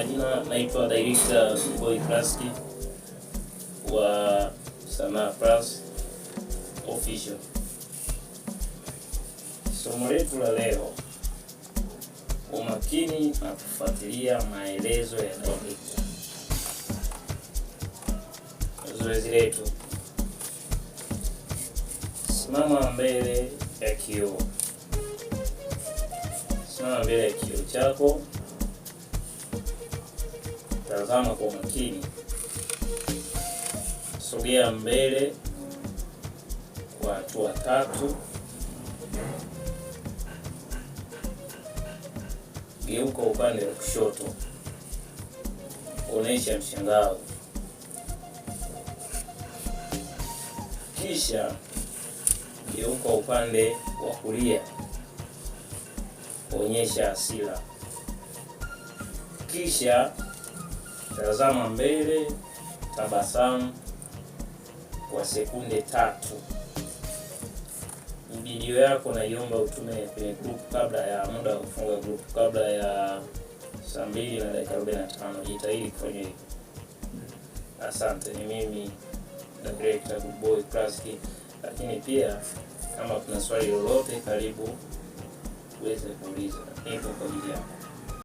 majina, naitwa Director Boy Kraski wa Sanaa Plus Official. Somo letu la leo, umakini na kufuatilia maelezo yanayohitajika. Zoezi letu, simama mbele ya kioo, simama mbele ya kioo chako tazama kwa makini, sogea mbele kwa hatua tatu, geuka upande wa kushoto, onesha mshangao, kisha geuka upande wa kulia, onyesha hasira, kisha tazama mbele, tabasamu kwa sekunde tatu. Video yako naiomba utume kwenye group kabla ya muda wa kufunga group, kabla ya saa mbili na dakika 45. Jitahidi kufanya hivyo. Asante. Ni mimi director Good Boy Classic, lakini pia kama kuna swali lolote, karibu uweze kuuliza, nipo kwa ajili yako.